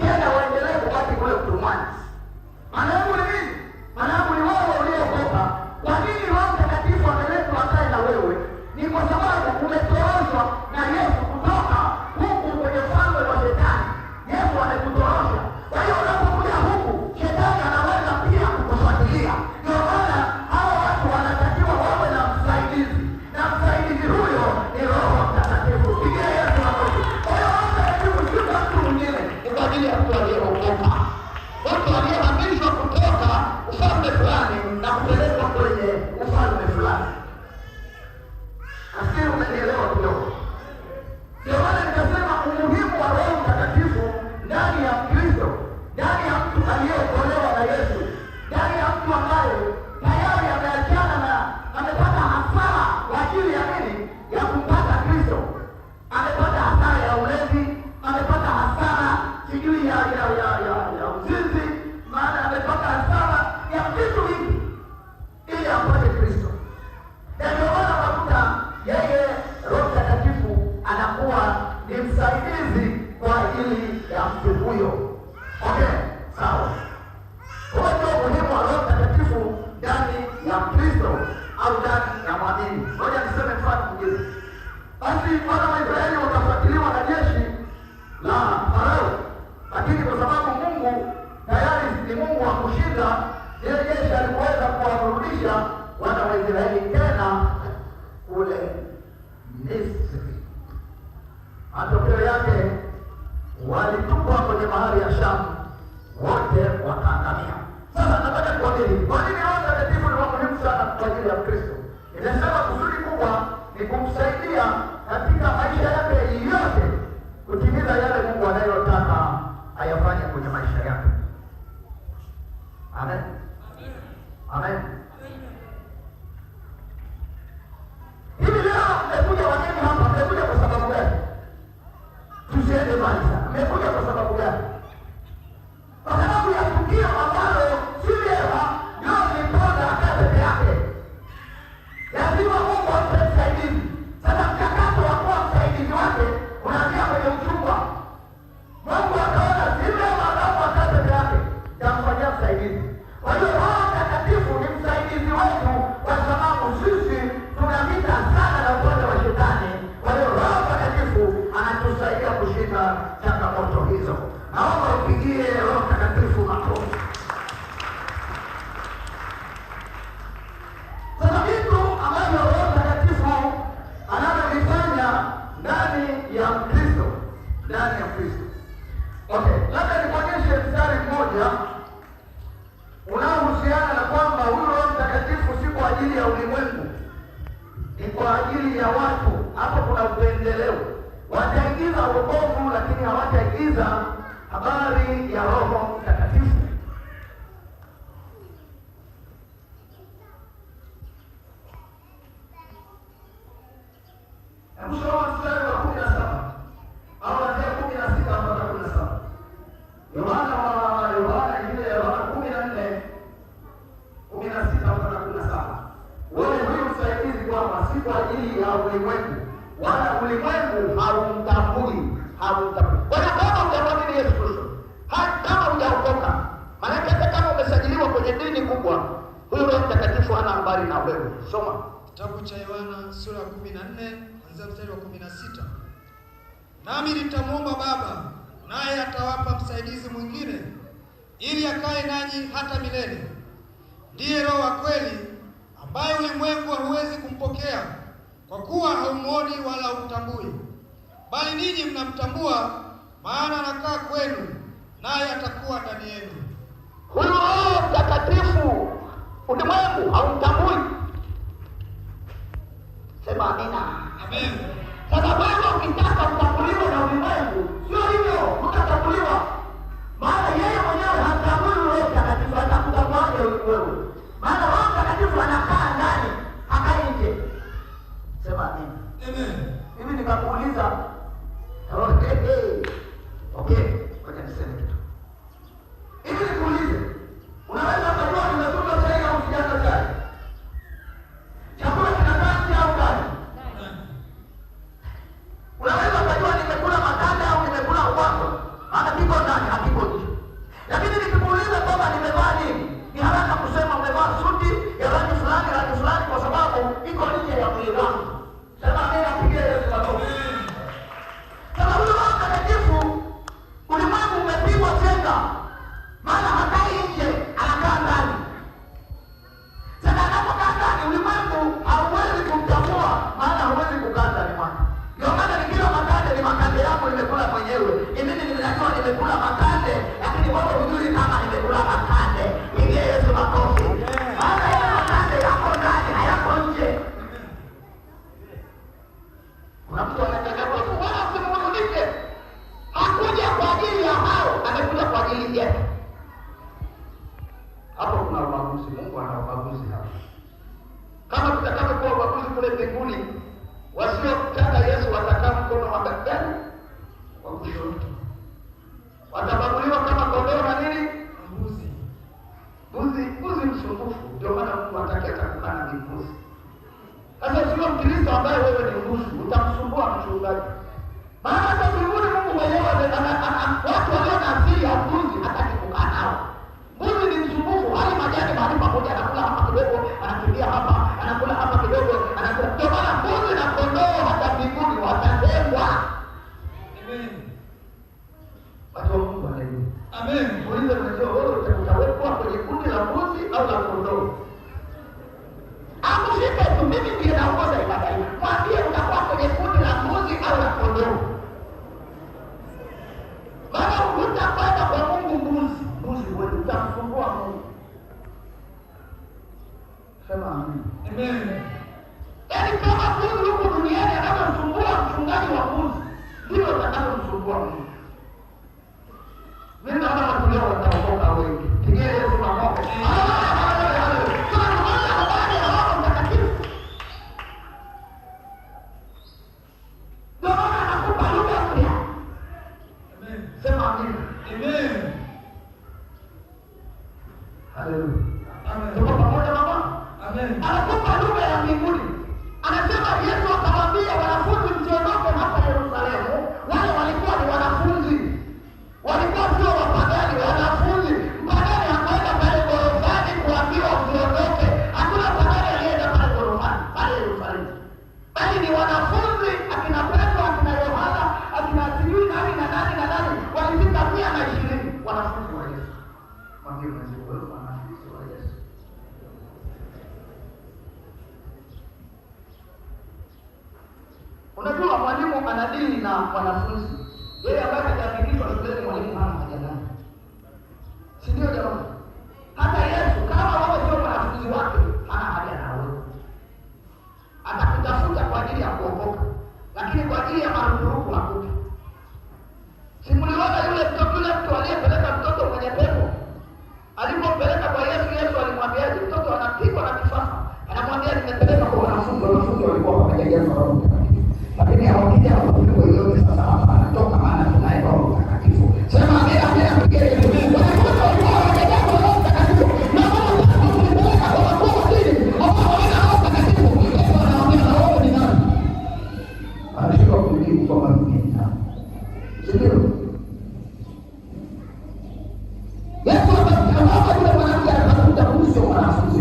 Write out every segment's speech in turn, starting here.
tena waendelee kubaki kule utumwani. ndani ya mtu aliye kuweza lile jeshi alikuweza kuwarudisha wana wa Israeli tena kule Misri. Matokeo yake walitupwa kwenye bahari ya Shamu, wote wakaangamia. Sasa nataka kuamini, kwa nini hao watakatifu ni muhimu sana kwa ajili ya Kristo? Inasema kusudi kubwa ni kumsaidia katika maisha yake yote kutimiza yale Mungu anayotaka ayafanye kwenye maisha yake. unaohusiana na kwamba huyu Roho Mtakatifu si kwa ajili ya ulimwengu, ni kwa ajili ya watu. Hapo kuna upendeleo, wataingiza wokovu, lakini hawataingiza habari ya Roho Mtakatifu. Hebu kwenye dini kubwa, huyo Roho Mtakatifu hana habari na wewe. Soma kitabu cha Yohana sura ya 14 kuanzia mstari wa 16, nami nitamwomba Baba naye atawapa msaidizi mwingine ili akae nanyi hata milele, ndiye Roho wa kweli ambaye ulimwengu hauwezi kumpokea kwa kuwa haumuoni wala haumtambui, bali ninyi mnamtambua, maana anakaa kwenu naye atakuwa ndani yenu. Huyu Roho Mtakatifu ulimwengu haumtambui. Sema amina. Sasa wewe ukitaka kutambuliwa na ulimwengu, sio hivyo, hutatambuliwa, maana yeye mwenyewe hatambui Roho Mtakatifu, atakutambua wewe. Mkristo ambaye wewe ni mbuzi, utamsumbua mchungaji. Maana Sema amen. Yaani kama Mungu yuko duniani anamsumbua mchungaji wa mbuzi, ndio atakayomsumbua Mungu. Mimi naona watu leo wataokoka wengi. Pigie Yesu makofi. Hallelujah. kujaza Roho Mtakatifu, lakini haukija kuliko yote. Sasa hapa anatoka, maana tunaye Roho Mtakatifu. Sema amina, amina, pigeni Yesu atakuja, atakuja kuhusu wanafunzi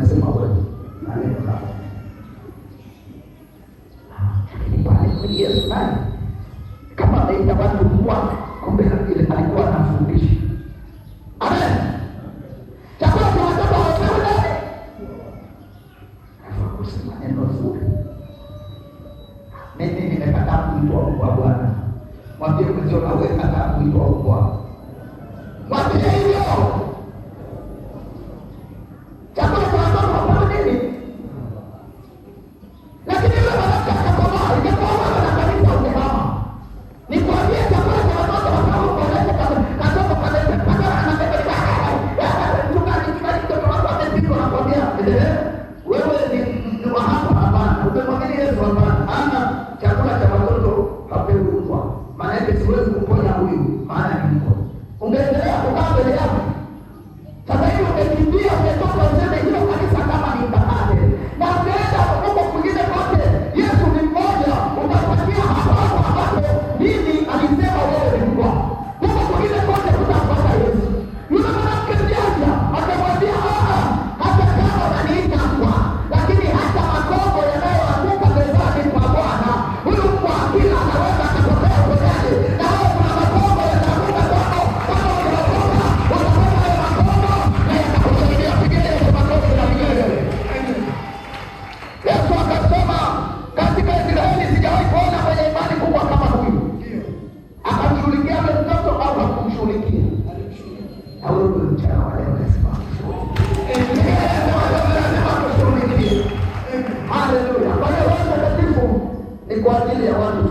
unasema wewe maneno kama lakini ah, Yesu naye kama anaita watu kuwa kumbe alikuwa anafundisha. Amen. Chakula cha watoto wasema nani? Kusema neno zuri. Mimi nimekataa kuitwa mbwa bwana. Mwambie mwenzio wewe kataa kuitwa mbwa. Mwambie hivyo. ajili ya watu